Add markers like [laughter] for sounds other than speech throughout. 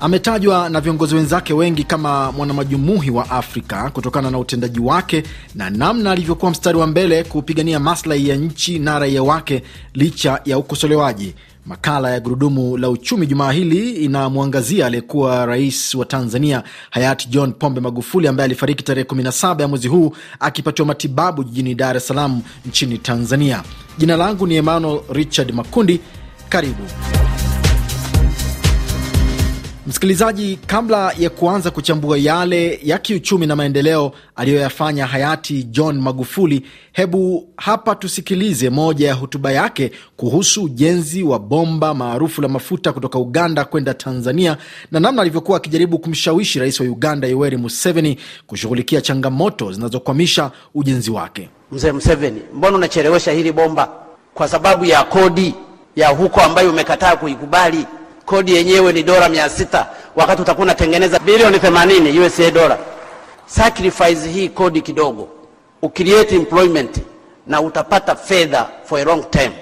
Ametajwa na viongozi wenzake wengi kama mwanamajumuhi wa Afrika kutokana na utendaji wake na namna alivyokuwa mstari wa mbele kupigania maslahi ya nchi na raia wake licha ya ukosolewaji. Makala ya Gurudumu la Uchumi jumaa hili inamwangazia aliyekuwa rais wa Tanzania hayati John Pombe Magufuli, ambaye alifariki tarehe 17 ya mwezi huu akipatiwa matibabu jijini Dar es Salaam nchini Tanzania. Jina langu ni Emmanuel Richard Makundi. Karibu. Msikilizaji, kabla ya kuanza kuchambua yale ya kiuchumi na maendeleo aliyoyafanya hayati John Magufuli, hebu hapa tusikilize moja ya hotuba yake kuhusu ujenzi wa bomba maarufu la mafuta kutoka Uganda kwenda Tanzania na namna alivyokuwa akijaribu kumshawishi rais wa Uganda Yoweri Museveni kushughulikia changamoto zinazokwamisha ujenzi wake. Mzee Museveni, mbona unachelewesha hili bomba kwa sababu ya kodi ya huko ambayo umekataa kuikubali? kodi yenyewe ni dola mia sita wakati utakuwa unatengeneza bilioni 80 USA dola. Sacrifice hii kodi kidogo, ucreate employment na utapata fedha for a long term.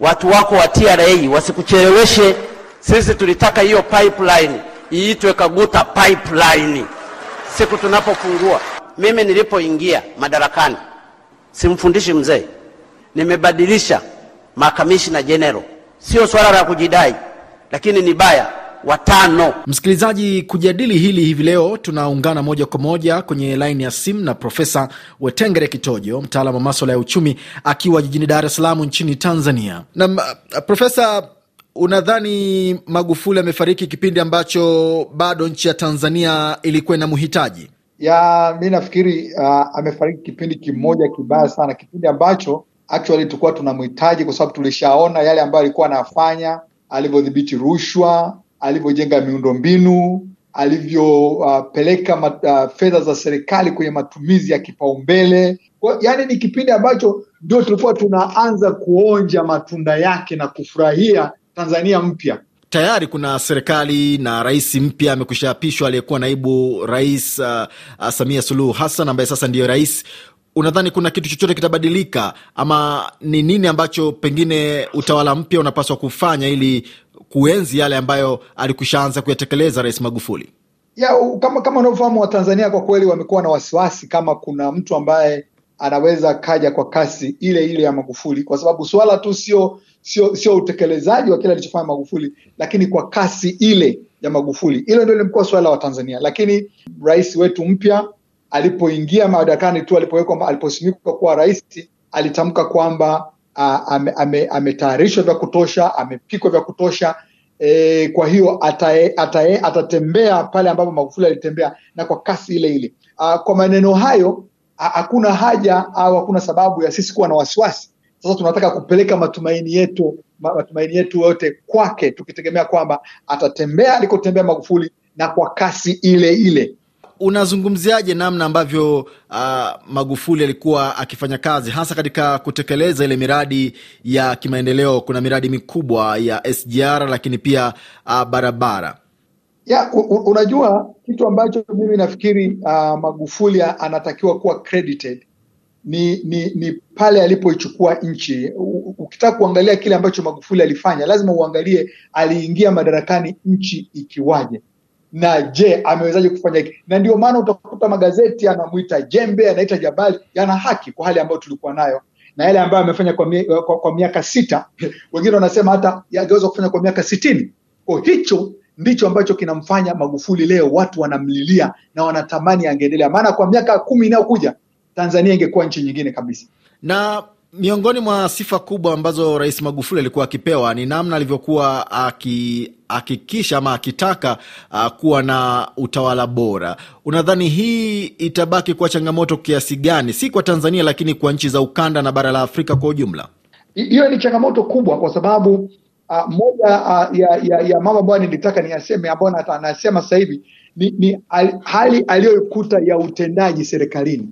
Watu wako wa TRA wasikucheleweshe. Sisi tulitaka hiyo pipeline iitwe Kaguta pipeline siku tunapofungua. Mimi nilipoingia madarakani, simfundishi mzee, nimebadilisha makamishina general. Sio swala la kujidai lakini ni baya watano. Msikilizaji, kujadili hili hivi leo tunaungana moja kwa moja kwenye laini ya simu na Profesa Wetengere Kitojo, mtaalamu wa maswala ya uchumi akiwa jijini Dar es Salaam nchini Tanzania. Na uh, Profesa, unadhani Magufuli amefariki kipindi ambacho bado nchi ya Tanzania ilikuwa inamhitaji? Ya, mi nafikiri uh, amefariki kipindi kimoja kibaya sana, kipindi ambacho actually tulikuwa tunamhitaji, kwa sababu tulishaona yale ambayo alikuwa anafanya alivyodhibiti rushwa, alivyojenga miundombinu, alivyopeleka uh, uh, fedha za serikali kwenye matumizi ya kipaumbele. Yaani ni kipindi ambacho ndio tulikuwa tunaanza kuonja matunda yake na kufurahia Tanzania mpya. Tayari kuna serikali na rais mpya amekushaapishwa, aliyekuwa naibu rais uh, uh, Samia Suluhu Hassan ambaye sasa ndiyo rais unadhani kuna kitu chochote kitabadilika ama ni nini ambacho pengine utawala mpya unapaswa kufanya ili kuenzi yale ambayo alikushaanza kuyatekeleza Rais Magufuli? Ya, kama kama unavyofahamu Watanzania kwa kweli wamekuwa na wasiwasi kama kuna mtu ambaye anaweza kaja kwa kasi ile ile ya Magufuli, kwa sababu swala tu sio sio sio utekelezaji wa kile alichofanya Magufuli, lakini kwa kasi ile ya Magufuli. Hilo ndio limekuwa suala la Watanzania, lakini rais wetu mpya alipoingia madarakani tu alipowekwa aliposimikwa kuwa rais alitamka kwamba ametayarishwa ame, ame vya kutosha amepikwa vya kutosha e, kwa hiyo atae, atae, atatembea pale ambapo Magufuli alitembea na kwa kasi ile ile. A, kwa maneno hayo hakuna haja au hakuna sababu ya sisi kuwa na wasiwasi. Sasa tunataka kupeleka matumaini yetu matumaini yetu yote kwake, tukitegemea kwamba atatembea alikotembea Magufuli na kwa kasi ile ile unazungumziaje namna ambavyo uh, Magufuli alikuwa akifanya kazi hasa katika kutekeleza ile miradi ya kimaendeleo? Kuna miradi mikubwa ya SGR lakini pia uh, barabara ya, unajua kitu ambacho mimi nafikiri uh, Magufuli anatakiwa kuwa credited ni, ni, ni pale alipoichukua nchi. Ukitaka kuangalia kile ambacho Magufuli alifanya, lazima uangalie aliingia madarakani nchi ikiwaje na je amewezaje kufanya hiki na ndio maana utakuta magazeti anamwita jembe anaita jabali yana haki kwa hali ambayo tulikuwa nayo na yale ambayo amefanya kwa, mie, kwa, kwa miaka sita [laughs] wengine wanasema hata yangeweza kufanya kwa miaka sitini kwa hicho ndicho ambacho kinamfanya magufuli leo watu wanamlilia na wanatamani angeendelea maana kwa miaka kumi inayokuja tanzania ingekuwa nchi nyingine kabisa na Miongoni mwa sifa kubwa ambazo Rais Magufuli alikuwa akipewa ni namna alivyokuwa akihakikisha ama akitaka uh, kuwa na utawala bora. Unadhani hii itabaki kuwa changamoto kiasi gani, si kwa Tanzania lakini kwa nchi za ukanda na bara la Afrika kwa ujumla? Hiyo ni changamoto kubwa kwa sababu a, uh, moja a, uh, ya, ya, ya mambo ambayo nilitaka niyaseme ambayo anasema sasa hivi ni, ni al, hali aliyoikuta ya utendaji serikalini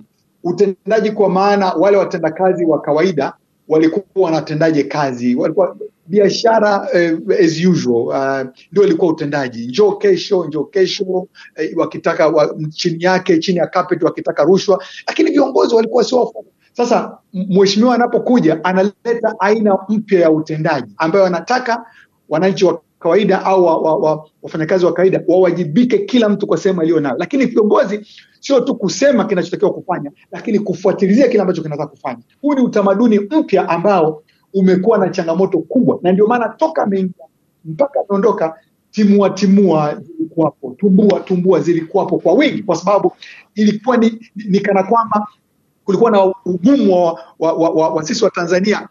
utendaji kwa maana wale watendakazi wa kawaida walikuwa wanatendaje kazi, walikuwa biashara eh, as usual uh, ndio uh, ilikuwa utendaji, njoo kesho, njoo kesho eh, wakitaka wa, chini yake chini ya carpet wakitaka rushwa, lakini viongozi walikuwa sio sasa mheshimiwa anapokuja analeta aina mpya ya utendaji ambayo anataka wananchi wa kawaida au wafanyakazi wa, wa, wa kawaida wawajibike kila mtu kwa sehemu aliyo nayo, lakini viongozi sio tu kusema kinachotakiwa kufanya, lakini kufuatilia kile ambacho kinataka kufanya. Huu ni utamaduni mpya ambao umekuwa na changamoto kubwa, na ndio maana toka ameingia mpaka ameondoka timua timua zilikuwapo, tumbua tumbua zilikuwapo kwa wingi, kwa sababu ilikuwa ni, ni kana kwamba kulikuwa na ugumu wa, wa, wa, wa, wa sisi wa Tanzania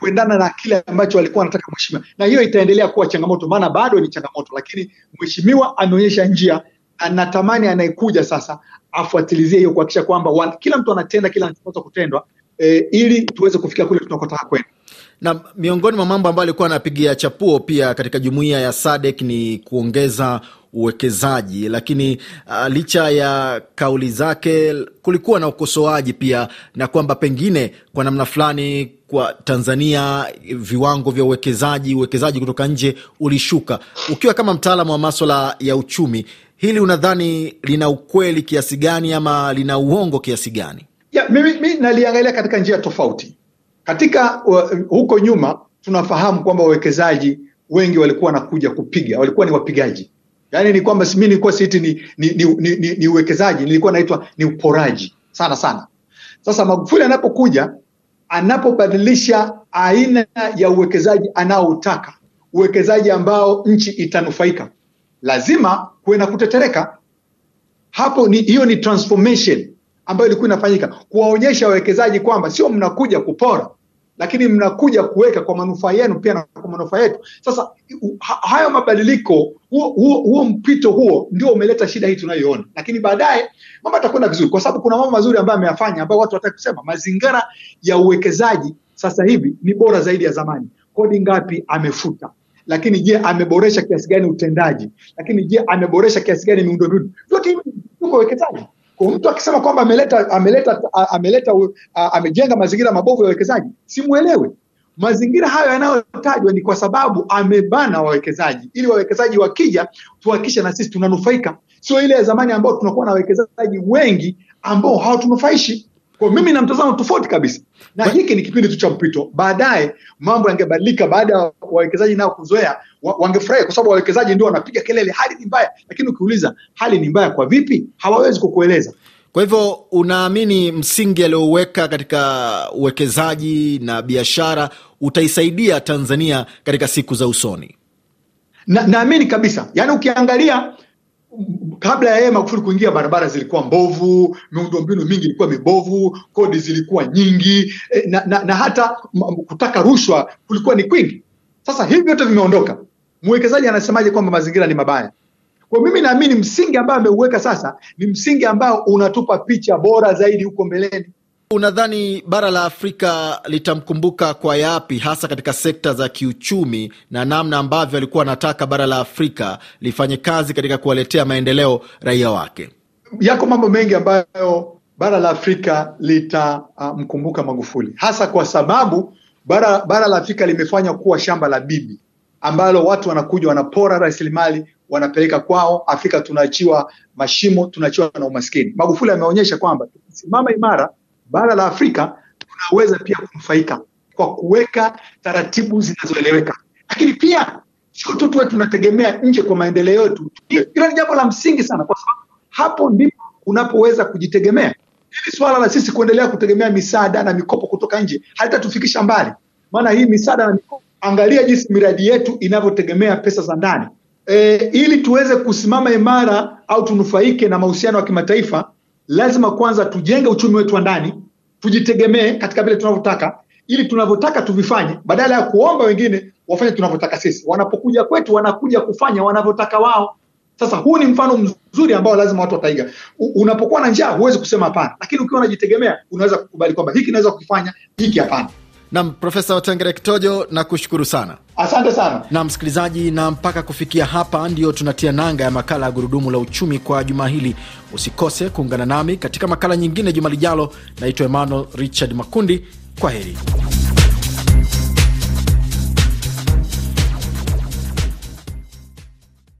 kuendana na kile ambacho walikuwa wanataka mheshimiwa, na hiyo itaendelea kuwa changamoto, maana bado ni changamoto, lakini mheshimiwa ameonyesha njia na natamani anayekuja sasa afuatilizie hiyo kuhakikisha kwamba kila mtu anatenda kila anachopaswa kutendwa e, ili tuweze kufikia kule tunakotaka kwenda. Na miongoni mwa mambo ambayo alikuwa anapigia chapuo pia katika jumuiya ya SADC ni kuongeza uwekezaji, lakini uh, licha ya kauli zake kulikuwa na ukosoaji pia, na kwamba pengine kwa namna fulani kwa Tanzania, viwango vya uwekezaji, uwekezaji kutoka nje ulishuka. Ukiwa kama mtaalamu wa maswala ya uchumi, hili unadhani lina ukweli kiasi gani ama lina uongo kiasi gani? Ya, mimi, mimi naliangalia katika njia tofauti. Katika uh, huko nyuma tunafahamu kwamba wawekezaji wengi walikuwa wanakuja kupiga, walikuwa ni wapigaji Yaani ni kwamba mi nilikuwa siti ni ni, ni, ni, ni, ni uwekezaji nilikuwa naitwa ni uporaji sana sana. Sasa Magufuli anapokuja anapobadilisha aina ya uwekezaji anaoutaka, uwekezaji ambao nchi itanufaika, lazima kuwe na kutetereka. Hapo ni hiyo ni transformation ambayo ilikuwa inafanyika, kuwaonyesha wawekezaji kwamba sio mnakuja kupora, lakini mnakuja kuweka kwa manufaa yenu pia na kwa manufaa yetu. Sasa hayo mabadiliko, huo, huo, huo mpito huo ndio umeleta shida hii tunayoona lakini baadaye mambo atakwenda vizuri, kwa sababu kuna mambo mazuri ambayo ameyafanya ambayo watu wataki kusema. Mazingira ya uwekezaji sasa hivi ni bora zaidi ya zamani. Kodi ngapi amefuta? Lakini je, ameboresha kiasi gani utendaji? Lakini je, ameboresha kiasi gani miundombinu? Yote hivi tuko wekezaji kwa mtu akisema kwamba ameleta ameleta ameleta amejenga mazingira mabovu ya wawekezaji, simwelewe Mazingira hayo yanayotajwa ni kwa sababu amebana wawekezaji, ili wawekezaji wakija tuhakikishe na sisi tunanufaika, sio ile ya zamani ambao tunakuwa na wawekezaji wengi ambao hawatunufaishi. Kwa mimi na mtazamo tofauti kabisa, na hiki ni kipindi tu cha mpito. Baadaye mambo yangebadilika baada ya wawekezaji nao kuzoea, wangefurahia kwa sababu wawekezaji ndio wanapiga kelele, hali ni mbaya, lakini ukiuliza hali ni mbaya kwa vipi, hawawezi kukueleza. Kwa hivyo unaamini msingi aliyouweka katika uwekezaji na biashara utaisaidia Tanzania katika siku za usoni? Naamini na kabisa, yaani ukiangalia kabla ya yeye Magufuli kuingia, barabara zilikuwa mbovu, miundombinu mingi ilikuwa mibovu, kodi zilikuwa nyingi eh, na, na, na hata kutaka rushwa kulikuwa ni kwingi. Sasa hivi vyote vimeondoka, mwekezaji anasemaje kwamba mazingira ni mabaya? Kwa mimi naamini msingi ambao ameuweka sasa ni msingi ambao unatupa picha bora zaidi huko mbeleni. Unadhani bara la Afrika litamkumbuka kwa yapi, hasa katika sekta za kiuchumi na namna ambavyo alikuwa anataka bara la Afrika lifanye kazi katika kuwaletea maendeleo raia wake? Yako mambo mengi ambayo bara la Afrika litamkumbuka Magufuli, hasa kwa sababu bara, bara la Afrika limefanya kuwa shamba la bibi ambalo watu wanakuja wanapora rasilimali wanapeleka kwao. Afrika tunaachiwa mashimo, tunaachiwa na umaskini. Magufuli ameonyesha kwamba tukisimama imara bara la Afrika tunaweza pia kunufaika kwa kuweka taratibu zinazoeleweka, lakini pia sio tu tuwe tunategemea nje kwa maendeleo yetu. Hilo ni jambo la msingi sana, kwa sababu hapo ndipo unapoweza kujitegemea. Hili swala la sisi kuendelea kutegemea misaada na mikopo kutoka nje halitatufikisha mbali, maana hii misaada na mikopo, angalia jinsi miradi yetu inavyotegemea pesa za ndani. E, ili tuweze kusimama imara au tunufaike na mahusiano ya kimataifa lazima kwanza tujenge uchumi wetu wa ndani, tujitegemee katika vile tunavyotaka, ili tunavyotaka tuvifanye, badala ya kuomba wengine wafanye tunavyotaka sisi. Wanapokuja kwetu, wanakuja kufanya wanavyotaka wao. Sasa huu ni mfano mzuri ambao lazima watu wataiga. Unapokuwa na njaa huwezi kusema hapana, lakini ukiwa unajitegemea unaweza kukubali kwamba hiki naweza kukifanya, hiki hapana. Nam Profesa Watengere Kitojo, na kushukuru sana, asante sana. Na msikilizaji, na mpaka kufikia hapa ndiyo tunatia nanga ya makala ya Gurudumu la Uchumi kwa juma hili. Usikose kuungana nami katika makala nyingine juma lijalo. Naitwa Emmanuel Richard Makundi, kwa heri.